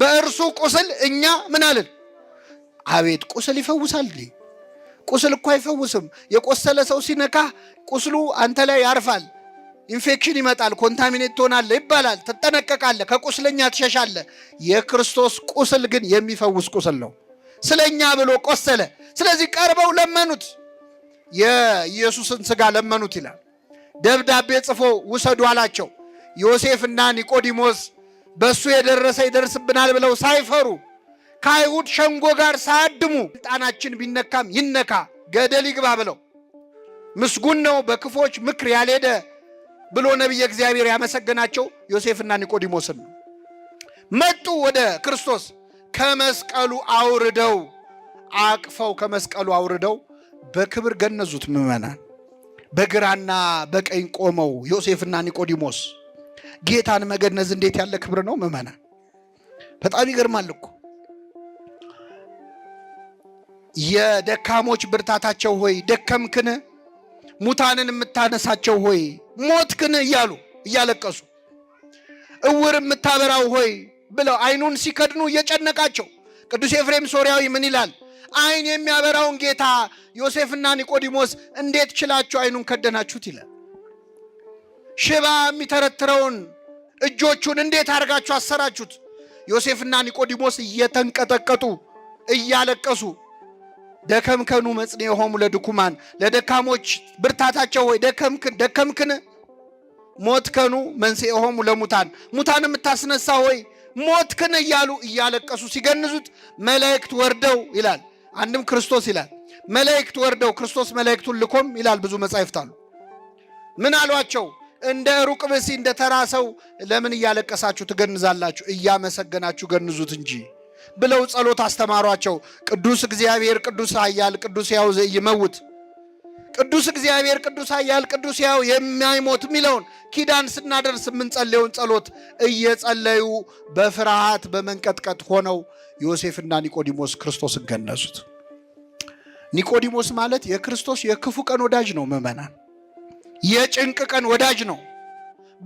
በእርሱ ቁስል እኛ ምን አለን? አቤት ቁስል ይፈውሳል። ቁስል እኮ አይፈውስም። የቆሰለ ሰው ሲነካህ ቁስሉ አንተ ላይ ያርፋል። ኢንፌክሽን ይመጣል፣ ኮንታሚኔት ትሆናለህ ይባላል። ትጠነቀቃለህ፣ ከቁስለኛ ትሸሻለህ። የክርስቶስ ቁስል ግን የሚፈውስ ቁስል ነው። ስለኛ ብሎ ቆሰለ። ስለዚህ ቀርበው ለመኑት፣ የኢየሱስን ሥጋ ለመኑት ይላል። ደብዳቤ ጽፎ ውሰዱ አላቸው። ዮሴፍና ኒቆዲሞስ በእሱ የደረሰ ይደርስብናል ብለው ሳይፈሩ ከአይሁድ ሸንጎ ጋር ሳያድሙ ስልጣናችን ቢነካም ይነካ ገደል ይግባ ብለው ምስጉን ነው በክፎች ምክር ያልሄደ ብሎ ነቢየ እግዚአብሔር ያመሰገናቸው ዮሴፍና ኒቆዲሞስን ነው። መጡ ወደ ክርስቶስ ከመስቀሉ አውርደው አቅፈው ከመስቀሉ አውርደው በክብር ገነዙት። ምዕመናን በግራና በቀኝ ቆመው ዮሴፍና ኒቆዲሞስ ጌታን መገነዝ እንዴት ያለ ክብር ነው ምዕመና! በጣም ይገርማል እኮ የደካሞች ብርታታቸው ሆይ ደከምክን፣ ሙታንን የምታነሳቸው ሆይ ሞትክን እያሉ እያለቀሱ እውር የምታበራው ሆይ ብለው አይኑን ሲከድኑ እየጨነቃቸው ቅዱስ ኤፍሬም ሶሪያዊ ምን ይላል? አይን የሚያበራውን ጌታ ዮሴፍና ኒቆዲሞስ እንዴት ችላችሁ አይኑን ከደናችሁት? ይላል ሽባ የሚተረትረውን እጆቹን እንዴት አድርጋችሁ አሰራችሁት? ዮሴፍና ኒቆዲሞስ እየተንቀጠቀጡ እያለቀሱ ደከምከኑ መጽኔ የሆኑ ለድኩማን፣ ለደካሞች ብርታታቸው ወይ ደከምክን። ሞትከኑ መንስኤ የሆኑ ለሙታን፣ ሙታን የምታስነሳ ሞት ሞትክን እያሉ እያለቀሱ ሲገንዙት መላእክት ወርደው ይላል። አንድም ክርስቶስ ይላል መላእክት ወርደው ክርስቶስ መላእክቱን ልኮም ይላል። ብዙ መጻሕፍት አሉ። ምን አሏቸው? እንደ ሩቅ ብሲ እንደ ተራ ሰው ለምን እያለቀሳችሁ ትገንዛላችሁ? እያመሰገናችሁ ገንዙት እንጂ ብለው ጸሎት አስተማሯቸው። ቅዱስ እግዚአብሔር ቅዱስ ኃያል ቅዱስ ያው ዘኢይመውት ቅዱስ እግዚአብሔር ቅዱስ ኃያል ቅዱስ ያው የማይሞት የሚለውን ኪዳን ስናደርስ የምንጸልየውን ጸሎት እየጸለዩ በፍርሃት በመንቀጥቀጥ ሆነው ዮሴፍና ኒቆዲሞስ ክርስቶስን ገነዙት። ኒቆዲሞስ ማለት የክርስቶስ የክፉ ቀን ወዳጅ ነው ምእመናን የጭንቅ ቀን ወዳጅ ነው።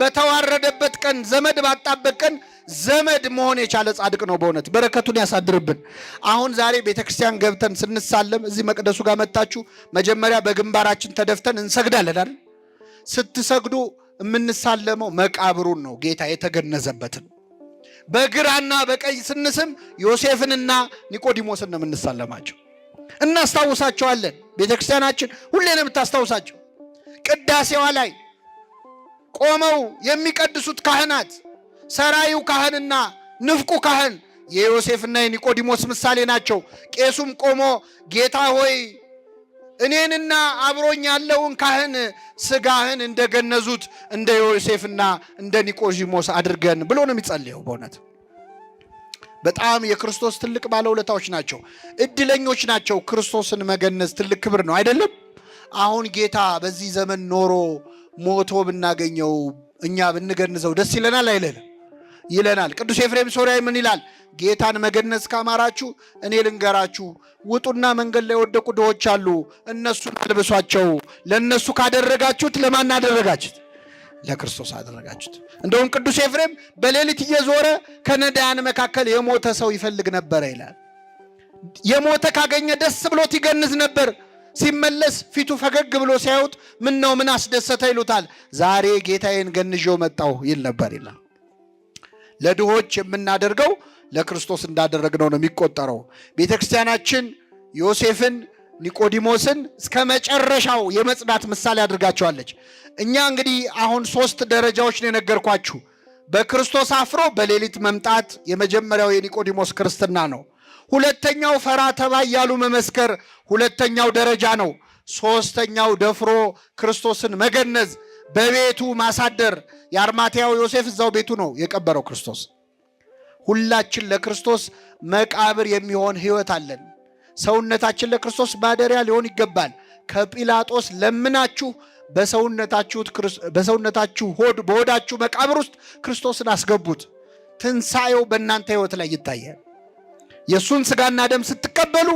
በተዋረደበት ቀን ዘመድ ባጣበት ቀን ዘመድ መሆን የቻለ ጻድቅ ነው። በእውነት በረከቱን ያሳድርብን። አሁን ዛሬ ቤተ ክርስቲያን ገብተን ስንሳለም እዚህ መቅደሱ ጋር መታችሁ መጀመሪያ በግንባራችን ተደፍተን እንሰግዳለን አይደል? ስትሰግዱ የምንሳለመው መቃብሩን ነው፣ ጌታ የተገነዘበትን። በግራና በቀኝ ስንስም ዮሴፍንና ኒቆዲሞስን ነው የምንሳለማቸው። እናስታውሳቸዋለን። ቤተ ክርስቲያናችን ሁሌ ነው የምታስታውሳቸው። ቅዳሴዋ ላይ ቆመው የሚቀድሱት ካህናት ሰራዩ ካህንና ንፍቁ ካህን የዮሴፍና የኒቆዲሞስ ምሳሌ ናቸው። ቄሱም ቆሞ ጌታ ሆይ እኔንና አብሮኝ ያለውን ካህን ስጋህን እንደገነዙት እንደ ዮሴፍና እንደ ኒቆዲሞስ አድርገን ብሎ ነው የሚጸልየው። በእውነት በጣም የክርስቶስ ትልቅ ባለውለታዎች ናቸው፣ እድለኞች ናቸው። ክርስቶስን መገነዝ ትልቅ ክብር ነው አይደለም? አሁን ጌታ በዚህ ዘመን ኖሮ ሞቶ ብናገኘው እኛ ብንገንዘው ደስ ይለናል አይለንም? ይለናል። ቅዱስ ኤፍሬም ሶርያዊ ምን ይላል? ጌታን መገነዝ ካማራችሁ እኔ ልንገራችሁ፣ ውጡና መንገድ ላይ የወደቁ ድሆች አሉ፣ እነሱን አልብሷቸው። ለእነሱ ካደረጋችሁት ለማን አደረጋችሁት? ለክርስቶስ አደረጋችሁት። እንደውም ቅዱስ ኤፍሬም በሌሊት እየዞረ ከነዳያን መካከል የሞተ ሰው ይፈልግ ነበረ ይላል። የሞተ ካገኘ ደስ ብሎት ይገንዝ ነበር። ሲመለስ ፊቱ ፈገግ ብሎ ሲያዩት ምን ነው ምን አስደሰተ ይሉታል። ዛሬ ጌታዬን ገንዤው መጣሁ ይል ነበር ይላል። ለድሆች የምናደርገው ለክርስቶስ እንዳደረግነው ነው የሚቆጠረው። ቤተ ክርስቲያናችን ዮሴፍን፣ ኒቆዲሞስን እስከ መጨረሻው የመጽናት ምሳሌ አድርጋቸዋለች። እኛ እንግዲህ አሁን ሶስት ደረጃዎች ነው የነገርኳችሁ። በክርስቶስ አፍሮ በሌሊት መምጣት የመጀመሪያው የኒቆዲሞስ ክርስትና ነው። ሁለተኛው ፈራ ተባ እያሉ መመስከር ሁለተኛው ደረጃ ነው። ሶስተኛው ደፍሮ ክርስቶስን መገነዝ፣ በቤቱ ማሳደር። የአርማትያው ዮሴፍ እዛው ቤቱ ነው የቀበረው ክርስቶስ። ሁላችን ለክርስቶስ መቃብር የሚሆን ሕይወት አለን። ሰውነታችን ለክርስቶስ ማደሪያ ሊሆን ይገባል። ከጲላጦስ ለምናችሁ በሰውነታችሁ ሆድ በሆዳችሁ መቃብር ውስጥ ክርስቶስን አስገቡት። ትንሣኤው በእናንተ ሕይወት ላይ ይታያል። የእሱን ስጋና ደም ስትቀበሉ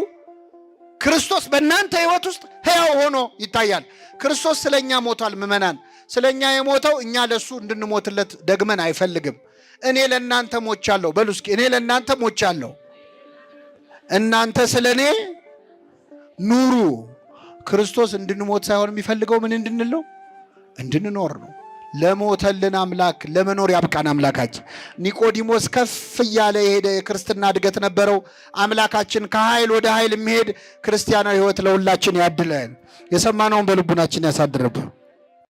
ክርስቶስ በእናንተ ህይወት ውስጥ ሕያው ሆኖ ይታያል። ክርስቶስ ስለ እኛ ሞቷል። ምመናን ስለ እኛ የሞተው እኛ ለእሱ እንድንሞትለት ደግመን አይፈልግም። እኔ ለእናንተ ሞቻለሁ በሉ እስኪ። እኔ ለእናንተ ሞቻለሁ፣ እናንተ ስለ እኔ ኑሩ። ክርስቶስ እንድንሞት ሳይሆን የሚፈልገው ምን እንድንለው እንድንኖር ነው። ለሞተልን አምላክ ለመኖር ያብቃን አምላካችን። ኒቆዲሞስ ከፍ እያለ የሄደ የክርስትና እድገት ነበረው። አምላካችን ከኃይል ወደ ኃይል የሚሄድ ክርስቲያናዊ ሕይወት ለሁላችን ያድለን። የሰማነውን በልቡናችን ያሳድርብን።